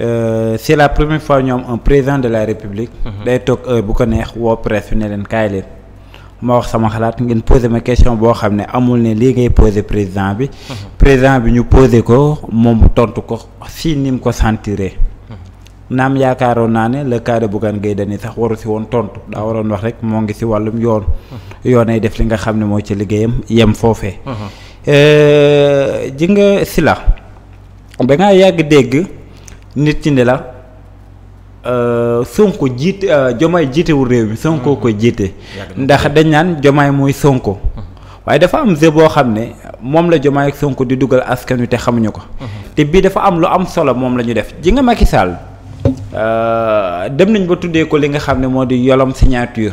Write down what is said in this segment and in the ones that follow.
Euh, c'est la première fois ñu am un président de la république. Mhm. day toog heure bu ko neex woo presse ne leen kaay leen. ma wax sama xalaat ngeen posé ma question boo xam ne amul ne lii ngay posé président bi. Mhm. président bi ñu posé ko moom tontu ko si ni ko sentire mhm. naam yaakaaroon naa ne le cas de Bougane Gueye Dany sax waru si woon tontu daa waroon wax rek moo ngi si wàllum yoon. ay def li nga xam ne moo ci liggéeyam yem foofee. Euh, ji nga si la da yàgg dégg. nit ñi ne la euh, Sonko jiit Jomaay euh, jiitewul réew bi Sonko mm-hmm. ko jiite. ndax dañ naan Jomaay mooy Sonko. Mm-hmm. waaye dafa am jeu boo xam ne moom la Jomaay ak di dugal askan wi te xamuñu ko. Mm-hmm. te bii dafa am lu am solo moom la ñu def ji nga Macky Sall euh, dem nañ ba tuddee ko li nga xam ne moo di yolom signature.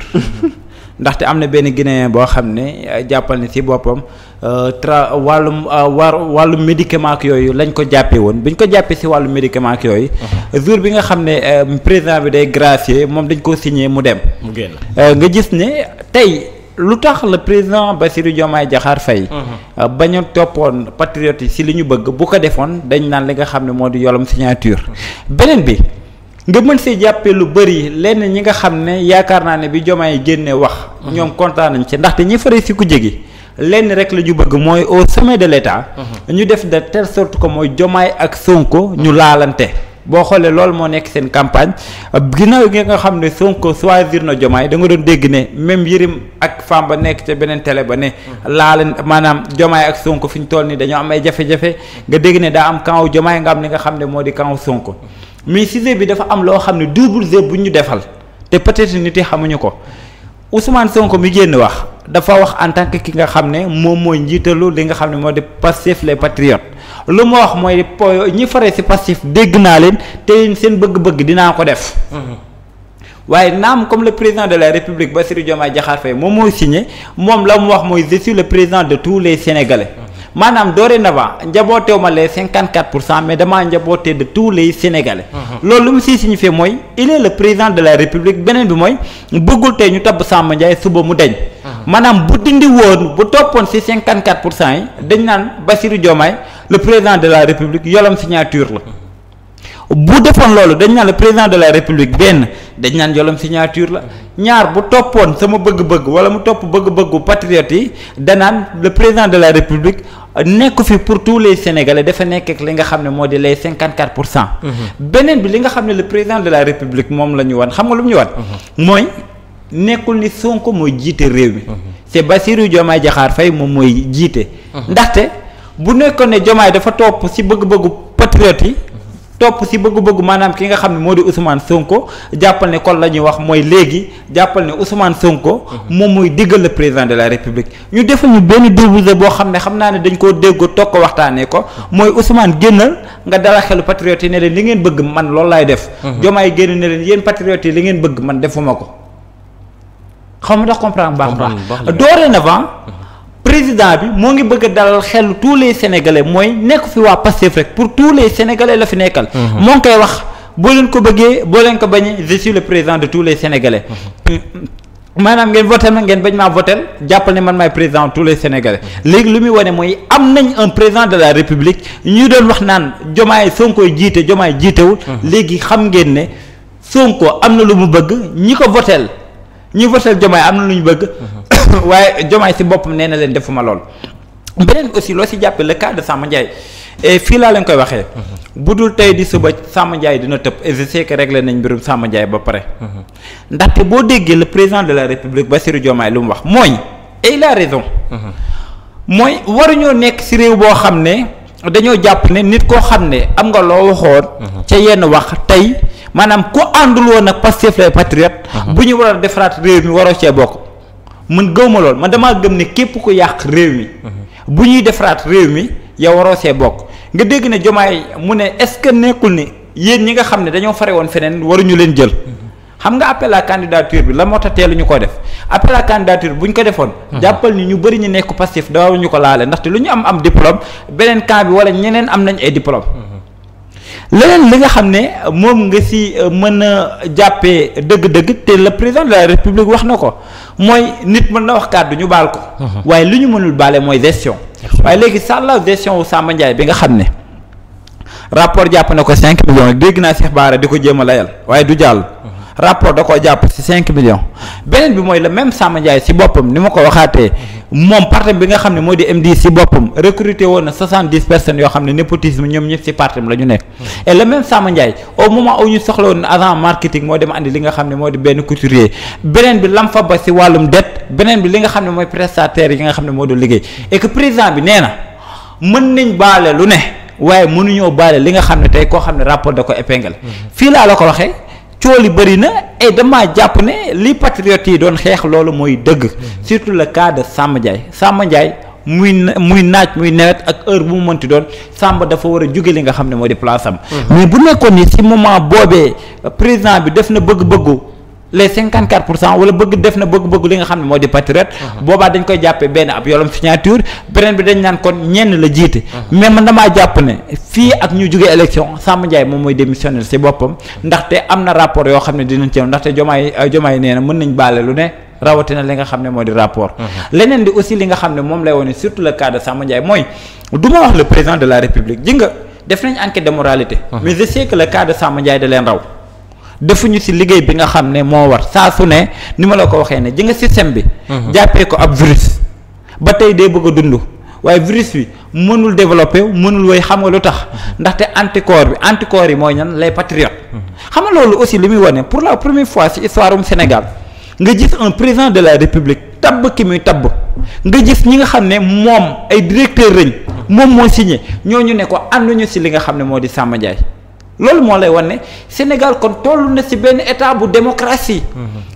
ndaxte am na benn Guinéen boo xam ne jàppal ne si boppam. Euh, tra wàllum euh, war wàllum médicament ak yooyu lañ ko jàppee woon bi ñu ko jàppee si wàllum médicament ak yooyu. Uh-huh. jour bi nga xam ne euh, président bi day gracier moom dañ ko signé mu dem. mu génn nga gis ne tey. lu tax la président Bassirou Diomaye Diakhar Faye uh-huh. bañ a toppoon patriote yi si li ñu bëgg bu ko defoon dañ naan li nga xam ne moo di yolom signature uh-huh. beneen bi nga mën see jàppee lu bëri lenn ñi nga xam ne yaakaar naa ne bi Diomaye génnee wax ñoom kontaan nañ ci ndaxte ñi fare si ku lenn rek la ñu bëgg mooy au sommet de l'État mhm. ñu def de telle sorte que mooy Jomaay ak Sonko ñu mhm. laalante boo xoolee loolu moo nekk seen campagne ginnaaw gi nga xam ne Sonko choisir na Jomaay da nga doon dégg ne même Yërim ak Famba nekk ca beneen télé ba ne mhm. laalan maanaam Jomaay ak sonk fi ñu toll nii dañoo am ay jafe-jafe nga dégg ne daa am camp Jomaay nga am ni nga xam ne moo di camp Sonko mais sujet bi dafa am loo xam ne double jeu bu ñu defal te peut nit yi xamuñu ko Ousmane Sonko mi génn wax dafa wax en tant ki nga xam ne moom mooy njiitalu li nga xam ne moo di Pastef les patriotes lu ma wax mooy ñi fare ci Pastef dégg naa leen te seen bëgg-bëgg dinaa ko def. Mm-hmm. waaye naam comme le président de la république ba Diomaye Diakhar Faye moom moo signé moom la mu wax mooy je suis président de tous les sénégalais. Mm-hmm. maanaam dorénavant njabooteewu ma les cinquante quatre pour cent mais damaa njabootee de tous les sénégalais. Mm-hmm. loolu lu mu siy signifié mooy il est le président de la république beneen bi mooy bëggul tey ñu tabb Samba Ndiaye suba mu deñ maanaam bu dindi woon bu toppoon si 54 pour cent yi dañ naan Bassirou Diomaye le président de la république yolam signature la bu defoon loolu dañ naan le président de la république benn dañ naan yolam signature la ñaar bu toppoon sama bëgg-bëgg wala mu topp bëgg-bëggu patriote yi danaan le président de la république nekk fi pour tous les sénégale dafa nekk li nga xam ne moo di les 54 pour cent. Mhm. beneen bi li nga xam ne le président la république moom la ñu wan xam nga lu mu mhm. mooy. nekkul ni Sonko mooy jiite réew mi. Mhm. c'est Bassirou Diomaye Diakhar Faye moom mooy jiite. Mhm. ndaxte bu nekkoon ne Diomaye dafa topp ci bëgg-bëggu patriote yi. topp ci bëgg-bëggu maanaam ki nga xam ne moo di Ousmane Sonko jàppal ne kon la ñuy wax mooy léegi jàppal ne Ousmane Sonko. Mhm. moom mooy diggal le président de la République. ñu defal ñu benn débouché boo xam ne xam naa ne dañ koo déggoo toog ko waxtaanee ko mooy Ousmane génnal nga dala xelu patriote yi ne leen li ngeen bëgg man loolu def. Diomaye génn ne leen yéen patriote yi li ngeen bëgg man defuma ko. xaw ma ndax comprendre baax baax dorénavant président bi moo ngi bëgg a dalal xelu tous les sénégalais mooy nekk fi waa Pastef rek pour tous les sénégalais la fi nekkal mhm. moo ngi koy wax boo leen ko bëggee boo leen ko bañee le président de les sénégalais mhm. maanaam ngeen voté ma ngeen bañ maa voté jàppal ne man maay président tous les sénégalais mhm. léegi wane mooy am nañ un président de la république ñu doon wax naan jomaay Sonko jiite jomaay jiitewul léegi xam ngeen ne Sonko am na lu mu bëgg ñi ko votel ñu votel jomaay am na lu ñu bëgg mhm. waaye jomaay si boppam nee na leen defuma lool beneen aussi loo si jàppe le cas de Samba fii laa leen koy waxee mhm. bu dul tey di suba Samba Ndiaye dina tëb et je sais que nañ mbirum Samba Ndiaye ba pare mhm. ndaxte boo déggee le président de la République Bassirou Diomaye lu mu wax mooy et la a raison mooy waruñoo nekk si réew boo xam ne dañoo jàpp ne nit koo xam ne am nga loo waxoon ca yenn wax tey maanaam ku àndul woon nag Pastef les patriotes bu ñu war a defaraat réew mi waroo cee bokk mën gëw ma lool man damaa gëm ne képp ku yàq réew mi bu ñuy defaraat réew mi yow waroo see bokk nga dégg ne jomaay mu ne est-ce que nekkul ni yéen ñi nga xam ne dañoo fare woon feneen waruñu leen jël xam nga appel à bi la moo tax teelu ñu ko def appel à candidature bu ñu ko defoon jàppal ni ñu bëri ñu nekk Pastef dawaaw ñu ko laale ndaxte lu ñu am am diplôme beneen camp bi wala ñeneen am nañ ay diplôme leneen li nga xam ne moom nga si euh, mën a jàppee dëgg-dëgg te la président de la république wax na ko mooy nit mën na wax kàddu ñu baal ko. Uh-huh. waaye li ñu mënul baale mooy gestion. waaye léegi sàlla gestion wu Samba Ndiaye bi nga xam ne rapport jàpp na ko cinq millions dégg naa Cheikh Bara di ko jéem a layal waaye du jàll. rapport da koo jàpp ci cinq millions beneen bi mooy le même Samba Ndiaye ci boppam ni ma ko waxaatee moom parti bi nga xam ne moo di MD ci boppam recruté woon na soixante dix personnes yoo xam ne népotisme ñoom ñëpp ci parti la ñu nekk et le même Samba Ndiaye au moment où ñu soxla woon agent marketing moo dem andi li nga xam ne moo di benn couturier beneen bi lam fa ba ci wàllum dette beneen bi li nga xam ne mooy prestataire yi nga xam ne moo doon liggéey et que président bi nee na mën nañ baale lu ne waaye mënuñoo baale li nga xam ne tey koo xam ne rapport da ko épingle mm-hmm. fii laa la ko waxee cool yi bëri na et dama jàpp ne li patriotes yi doon xeex loolu mooy dëgg mm-hmm. surtout la cas de Samba Ndiaye Samba Ndiaye na muy naaj muy nawet ak heure bu mu mënti doon Samba dafa war a jóge li nga xam ne moo di place mm-hmm. mais bu nekkoon ni si moment boobee président bi def na bëgg-bëggu les 54 pour cent wala bëgg def na bëgg-bëgg li nga xam ne moo di patriote. Uh-huh. boobaa dañ koy jàppee benn ab yolom signature beneen bi dañ naan kon ñenn la jiite. Uh-huh. mais man damaa jàpp ne fii ak ñu jugee élection Samba Ndiaye moom mooy démissionnaire si boppam ndaxte am na rapport yoo xam ne dinañ ci ndaxte jomaay jomaay euh, nee na mën nañ baale lu ne. rawatina li nga xam ne moo di rapport. Uh-huh. leneen di aussi li nga xam ne moom lay wone surtout le cas de Samba Ndiaye mooy du ma wax le président de la république nga def nañ moralité. mais je sais le cas defuñu ci liggéey bi nga xam ne moo war saa su ne ni ma la ko waxee ne ji nga système bi. Mhm. jàppee ko ab virus. ba tey dee bëgg dund waaye virus bi mënul développé mënul woy xam nga lu tax mhm. ndaxte anticorps bi anticorps yi mooy ñan lay patriotes. Mhm. xam nga loolu aussi li muy wane pour la première fois ci histoire um Sénégal nga gis un président de la république tabb ki muy tabb nga gis ñi nga xam ne moom ay directeur lañ moom moo signé ñu ne ko ànduñu ci li nga xam ne moo di Samba Ndiaye loolu moo lay wane Sénégal kon toll na ci benn état bu démocratie.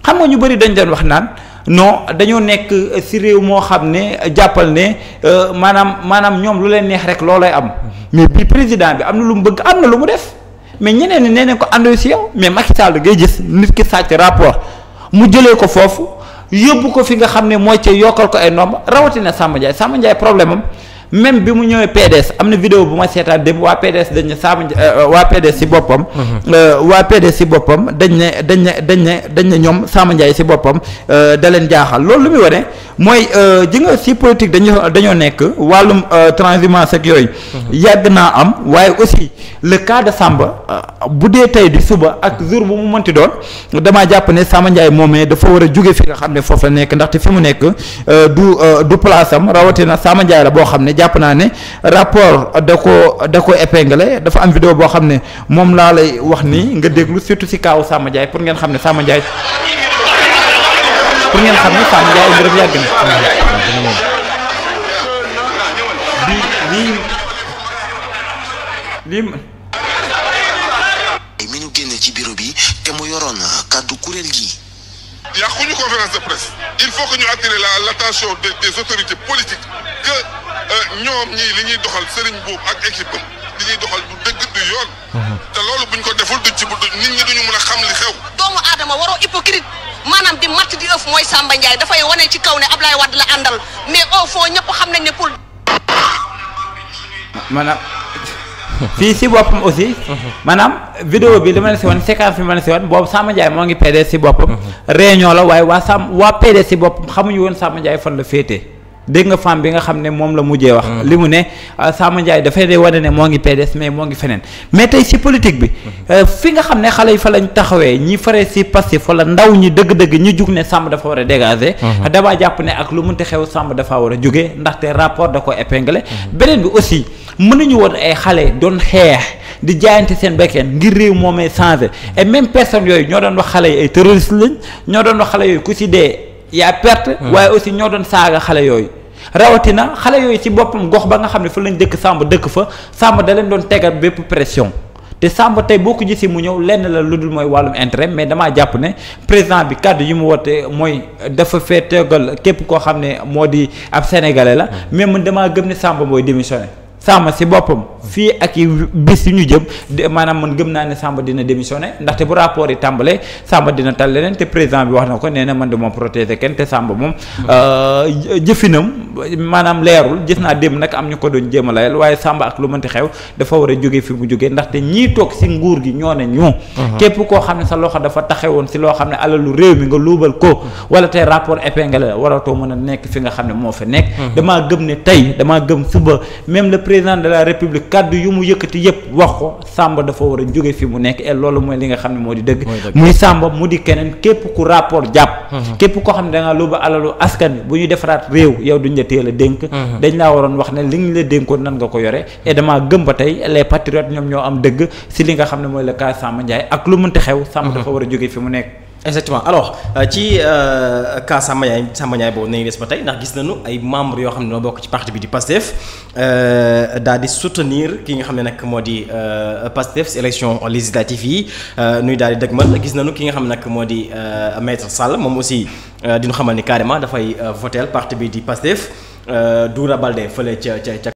xam nga ñu bëri dañ doon wax naan non dañoo nekk euh, ci réew moo xam ne euh, jàppal ne euh, maanaam maanaam ñoom lu leen neex rek loolay am. mais bi président bi am na lu mu bëgg am na lu mu def mais ñeneen ñi nee nañ ko àndoo si yow mais Macky Sall ngay gis nit ki sàcc rapport mu jëlee ko foofu yóbbu ko fi nga xam ne mooy ci yokkal ko ay nombre rawatina Samba Ndiaye Samba Ndiaye problème am. même bi mu ñëwee PDS am na vidéo bu ma seetaan démb waa PDS dañ ne saabu euh, waa PDS si boppam. Mhm. Euh, waa PDS si boppam dañ ne dañ ne dañ ne dañ ne ñoom Samba Ndiaye si boppam euh, da leen jaaxal loolu lu muy wane. mooy euh, ji nga si politique dañoo dañoo nekk wàllum euh, transhumance ak yooyu. Mhm. yàgg naa am waaye aussi le kaada de Samba euh, bu dee tey di suba ak jour bu mu mënti doon damaa jàpp ne Samba Ndiaye moomee dafa war a jóge fi nga xam ne foofu la nekk ndaxte fi mu nekk du du place am rawatina Samba Ndiaye la boo xam ne jàpp naa ne rapport da ko da ko épinglé dafa am vidéo boo xam ne moom laa lay wax nii nga déglu surtout si kaawu Samba Ndiaye pour ngeen xam ne Samba Ndiaye. pour ngeen xam ne Fane Ndiaye mbiram yàgg na. lii mi ñu génne ci bureau bi te mu yoroon kàddu kuréel gi. yàquñu conférence de presse il faut que ñu attirer la l'attention des des autorités politiques que euh, ñoom ñii li ñuy doxal sëriñ boobu ak équipe am li ñuy doxal du dëgg du yoon. Mhm. te loolu buñ ko deful duñ ci bu nit ñi duñu mën a xam li xew. doomu aadama waroo hypocrite. maanaam di matt di ëf mooy Samba Ndiaye dafay wane ci kaw ne Ablaye Wade la àndal mais au fond ñëpp xam nañ ne pour. maanaam fii si boppam aussi. maanaam vidéo bi li ma la si woon séquence bi ma la si woon boobu Samba Ndiaye moo ngi PDS si boppam. Mhm. réunion la waaye waa Samba waa PDS si boppam xamuñu woon Samba Ndiaye fan la féete dégg nga femme bi nga xam ne moom la mujjee wax. Mm. li mu ne ah, Sama Ndiaye dafay de wane ne moo ngi PDS mais moo ngi feneen mais tey si politique bi. Mm-hmm. Euh, fi nga xam ne xale yi fa lañ taxawee ñi fare si Pastef wala ndaw ñi dëgg-dëgg ñi jug ne Samba dafa war a dégager. Mm-hmm. damaa jàpp ne ak lu mënti xew Samba dafa war a jóge ndaxte rapport da ko épinglé. Mm-hmm. beneen bi aussi mën mënuñu woon ay xale doon xeex. di jaayante seen bekkeen ngir réew moom changé et même personne yooyu ñoo doon wax xale yi ay terroriste lañ ñoo doon wax xale yooyu ku ci dee yaa perte waaye aussi ñoo doon saaga xale yooyu rawatina xale yooyu ci boppam gox ba nga xam ne fa lañ dëkk Samba dëkk fa Samba da leen doon tegal bépp pression te Samba tey boo ko si mu ñëw lenn la lu dul mooy wàllum intérêt mais damaa jàpp ne président bi kàddu yi mu woote mooy dafa fee tegal képp koo xam ne moo di ab sénégalais la mm. mais man damaa gëm ne Samba mooy démissionné. Samba si boppam fii ak i bis yu ñu jëm maanaam man gëm naa ne Samba dina démissionné ndaxte bu rapport yi tàmbalee Samba dina tal leneen te président bi wax na ko nee na man de moom protéger kenn te Samba moom euh, jëfinam maanaam leerul gis naa démb nag am ñu ko doon jéem a layal waaye Samba ak lu mënti xew dafa war a jóge fi mu jógee ndaxte ñii toog si nguur gi ñoo ne ñu uh-huh. képp koo xam ne sa loxo dafa taxewoon si loo xam ne alalu réew mi nga luubal ko uh-huh. wala tey rapport épinglé waratoo mën a nekk fi nga xam ne moo fi nekk uh-huh. président de la république kaddu yu mu yëkkati yëpp wax ko Samba dafa war a jóge fi mu nekk et loolu mooy li nga xam ne moo di dëgg muy Samba mu di keneen képp ku rapport jàpp mm-hmm. képp koo xam ne da nga luuba alalu askan bi bu ñu defaraat réew yow du la teel a dénk mm-hmm. dañ laa waroon wax ne li ñu la dénkoon nan nga ko yore mm-hmm. et dama gëm ba tey les patriotes ñoom ñoo am dëgg si li nga xam ne mooy la cas Samba Ndiaye ak lu mënti xew Samba dafa war a jóge fi mu nekk exactement alors euh, ci euh, cas Samba Ndiaye Samba Ndiaye boobu nañu des ba tey ndax gis nañu ay membres yoo xam ne ñoo bokk ci parti bi di PASTEF euh, daal di soutenir ki nga xam ne nag moo di PASTEF si élection législative yi nuy daal di dëgmal gis nañu ki nga xam ne nag moo di maître Sall moom aussi di ñu xamal ni carrément dafay votel part bi di PASTEF Doura Balde fële ca ca.